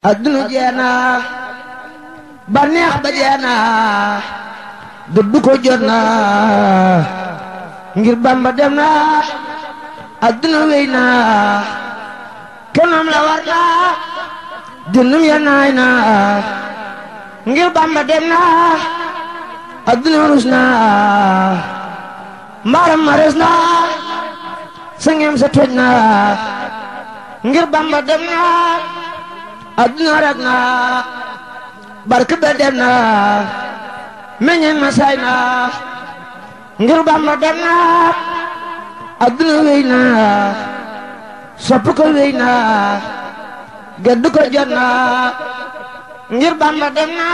adduna jeena bànneex ba jeena dudd ko jot na ngir bamba dem na adduna wéy na kanam la war na dundum ya naay na ngir bamba dem na adduna rus na mbaram ma res na sangem sa toj na ngir bamba dem na adduna rag na barke ba dem na meññeen ma ngir Bamba dem na adduna wéy na sopp ko wéy na gedd jot na ngir Bamba dem na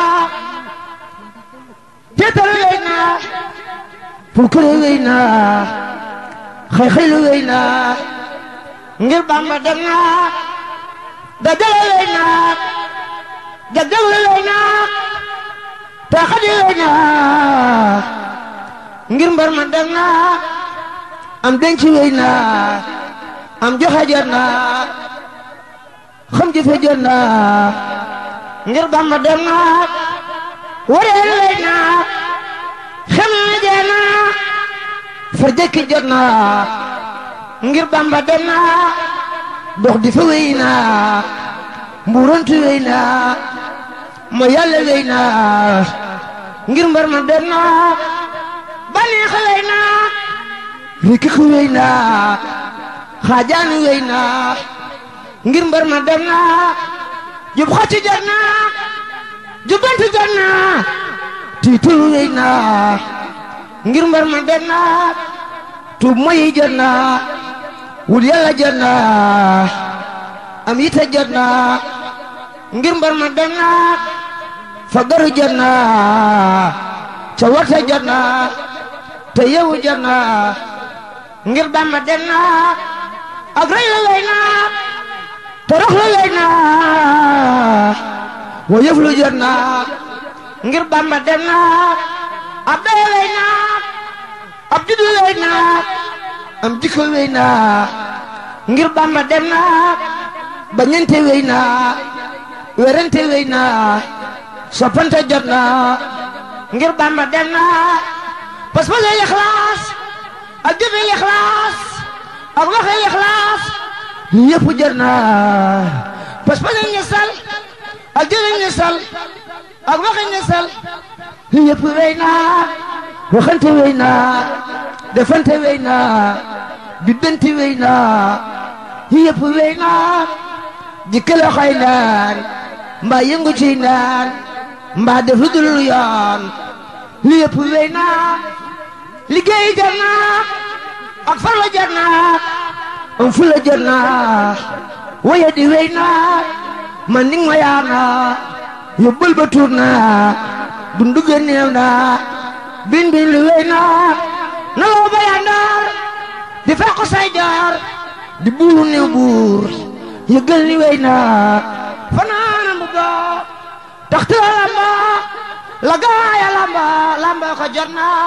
teetal wéy na pulkure wéy na xëy xëy lu ngir Bamba dem na dëggal lay naak dëggal lay naak te xadi lay naak ngir mbar ma dag naak am denc lay naak am joxe jot naak xam jëfe jot naak ngir Bamba dem naak wareel lay naak xam na jee naak jot naak ngir Bamba dem naak dox di fa wéy naa mbuurantu wéy naa ma yàlla naa ngir mbar ma dem naa baneex wéy naa rikiku wéy naa xaajaanu wéy naa ngir mbar ma dem naa jub xati jar naa jubbantu jar naa tiitu wéy naa ngir mbar ma dem naa tuub moyi jar naa wut yàlla jot naa am yite jot naa ngir mbar ma dem naa fa garu jot naa ca warte jot naa te yewu jot naa ngir bamba dem naa ak rëy la naa te rox la naa wa yëf jot naa ngir bamba dem naa ab daya wey naa ab juddu wey naa am jikko wéy naa ngir Bamba dem naa bañante wéy naa werante wéy naa soppante jot naa ngir Bamba dem naa pas-pas ay ak jëf ay ixlaas ak wax ay ixlaas yëpp jot naa pas-pas ak jëf ay ak wax ay ñesal yëpp wéy naa waxante wéy naa defante wey naa bibbanti wey naa yëpp wey naa jikkale xay mbaa yëngu ciy mbaa def lu dul yëpp wey naa liggéey jar naa ak farla jar naa am jar naa waye di wey naa man ni yaa naa yóbbal ba tuur naa dundu ga néew wey naa naw ba yandoor di fekk say jaar di buur ni buur ni wey naa fanaana mu gaaw taxte lamba la gaaya ko jot naa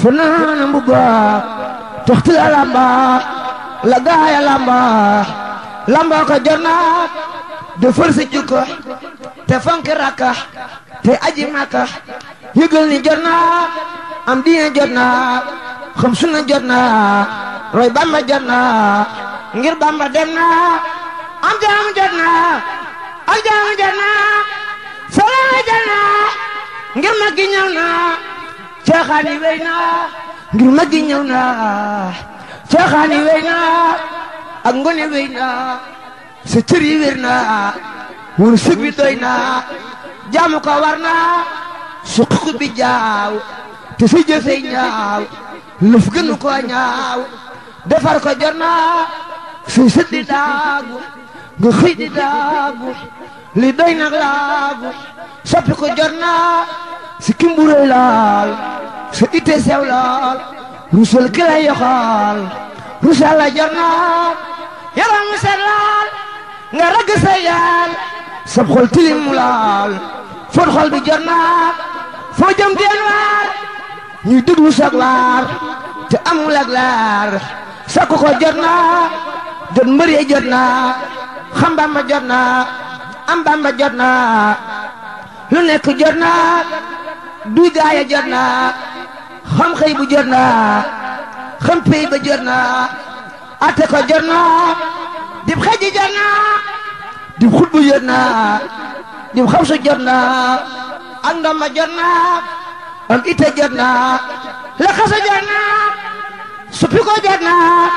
fanaana mu gaaw taxte lamba la gaaya ko jot naa de force te fonki rakka te aji makka yëgal ni jot naa am diine jot naa xam sunna jot naa roy bamba jot naa ngir bamba dem naa am jaamu jot naa ak jaamu jot naa salaama jot naa ngir mag gi ñëw naa ceexaan yi wéy ngir mag gi ñëw naa ceexaan yi wéy naa ak ngone wéy naa sa cër yi doy naa jaamu ko war naa suquku te si jëfe ñaaw luf gënu ko ñaaw defar ko jot naa suy sët di daagu nga xëy di daagu li doy nag laagu soppi ko jot naa si kimburey laal sa ite sew laal rusal ki yoxaal rusal la jot naa yaram set laal nga ragg sa yaal sab xol tilim laal fot xol bi jot naa foo jëm deen waar ñuy déglu sag waar te amul ak laar sakku jot naa jot mbër jot naa xam jot naa am jot naa lu nekk jot naa du gaaya jot naa xam xëy jot naa xam pey jot naa atte jot naa dib xëj jot naa dib xut jot naa dib xawsa jot naa ak ndom jot naa am ite jot naa la xasa jot naa suppi ko jot naa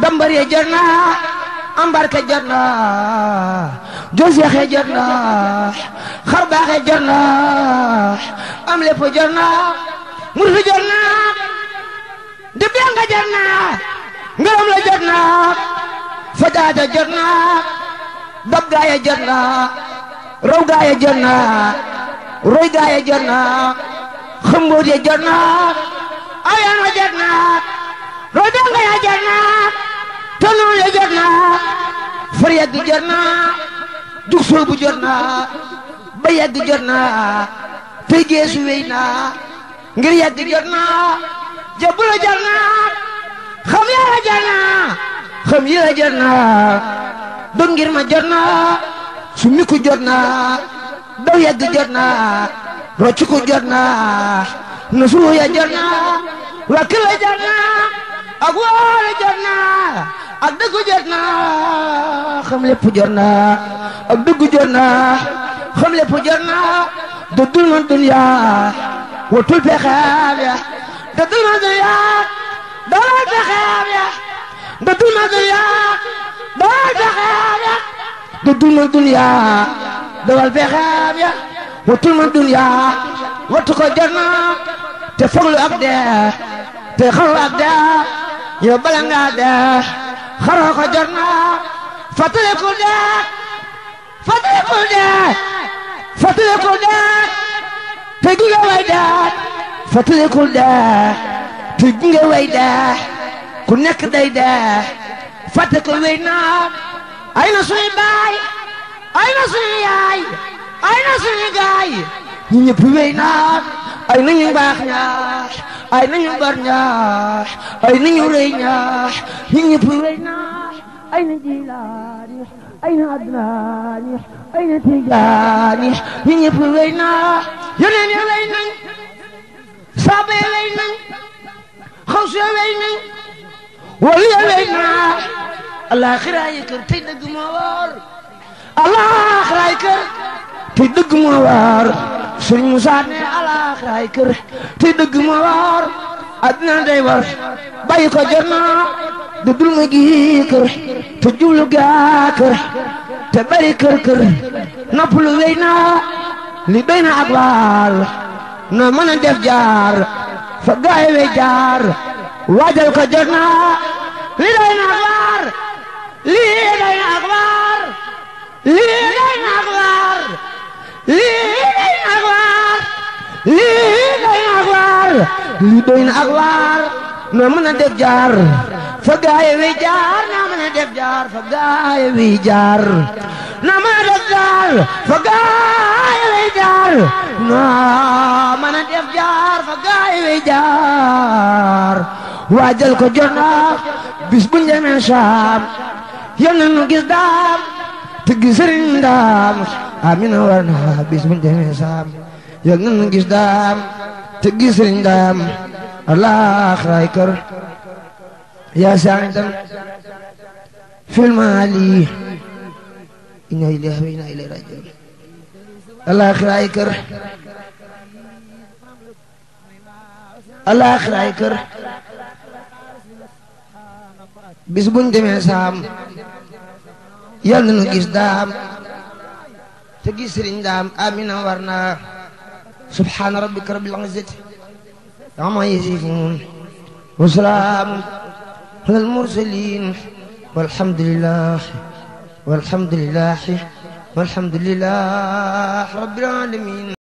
dambar ye jot naa ambarke jot naa jos yaxe jot naa xar baaxe jot naa am jot naa murfi jot naa dib jot naa ngërëm la jot naa fajaata jot naa dab gaaya jot naa raw gaaya jot naa roy gaaya jot naa xumbuut ya jot na aw yoon wa jot na ya jot na tonoon ya jot na far yàgg jot na jug jot na ba yàgg jot na tey geesu wéy na ngir yàgg jot na jabula jot na xam yàlla jot na xam yàlla jot na do ngir ma jot na su mi jot na daw yàgg jot na rocc ku jot na nusru ya jot na wakkila jot na ak woore jot na ak dëggu jot na xam lépp jot na ak dëggu jot na xam lépp jot na dëddul na dunya watul pexeem ya dëddul na dunya dalal pexeem ya dëddul na dunya dalal pexeem ya dëddul na dunya dalal pexeem ya wutul ma duniyaa wattu ko jonna te foglu ak dee te xarlu ak dee yow bala ngaa dee xaroo ko jonna fàttaliku dee fàttaliku dee fàttaliku dee te gunge way dee fàttaliku dee te gunge dee ku nekk day dee fàtte ko wéy naa ay na suñu baay ay na suñu yaay ay na suñu gaay ñi ñëpp wéy naan ay nañu baax ñaax ay nañu bar ñaax ay nañu rëy ñaax ñi ñëpp wéy naan ay na jilaani ay na adnaani ay na tijaani ñi ñëpp wéy naan yeneen ya wéy nañ saaba ya wéy nañ xaws ya wéy nañ wali ya wéy naan alaaxiraay kër tey dëgg moo wóor alaaxiraay kër te dëgg moo waar sëriñ Musaa ne alaaxiraay kër te dëgg moo waar àddina day war bàyyi ko jot na du dul ma kër te jublu gaa kër te bari kër kër noppalu wéy na li doy ak waar na mën a def jaar fa gaay wey jaar waajal ko jot na li doy ak waar lii doy ak waar lii doy ak waar lii day ak waar ak waar lii doy na ak waar noo mën a def jaar fa gaaye wi jaar noo mën a def jaar fa gaaye wi jaar noo mën a def jaar fa gaaye wi jaar noo mën ko jot naa bis bu ñu demee saam yal nu gis daam tëgg sëriñ daam amina war na bis buñ demee saam yal nañu gis daam tëgg sëriñ daam alaaxiraay kër yaa saayidan fil maali inna ilaahi wa inna ilayhi raaji'uun alaaxiraay kër kër bis buñ demee yàlla nu gis daam te gis sëriñ daam amina war naa subhaana rabbika rabbil izzati ammaa yasifuun wa salaamun alal mursaliin walhamdulillah walhamdulillah walhamdulillah rabbil aalamiin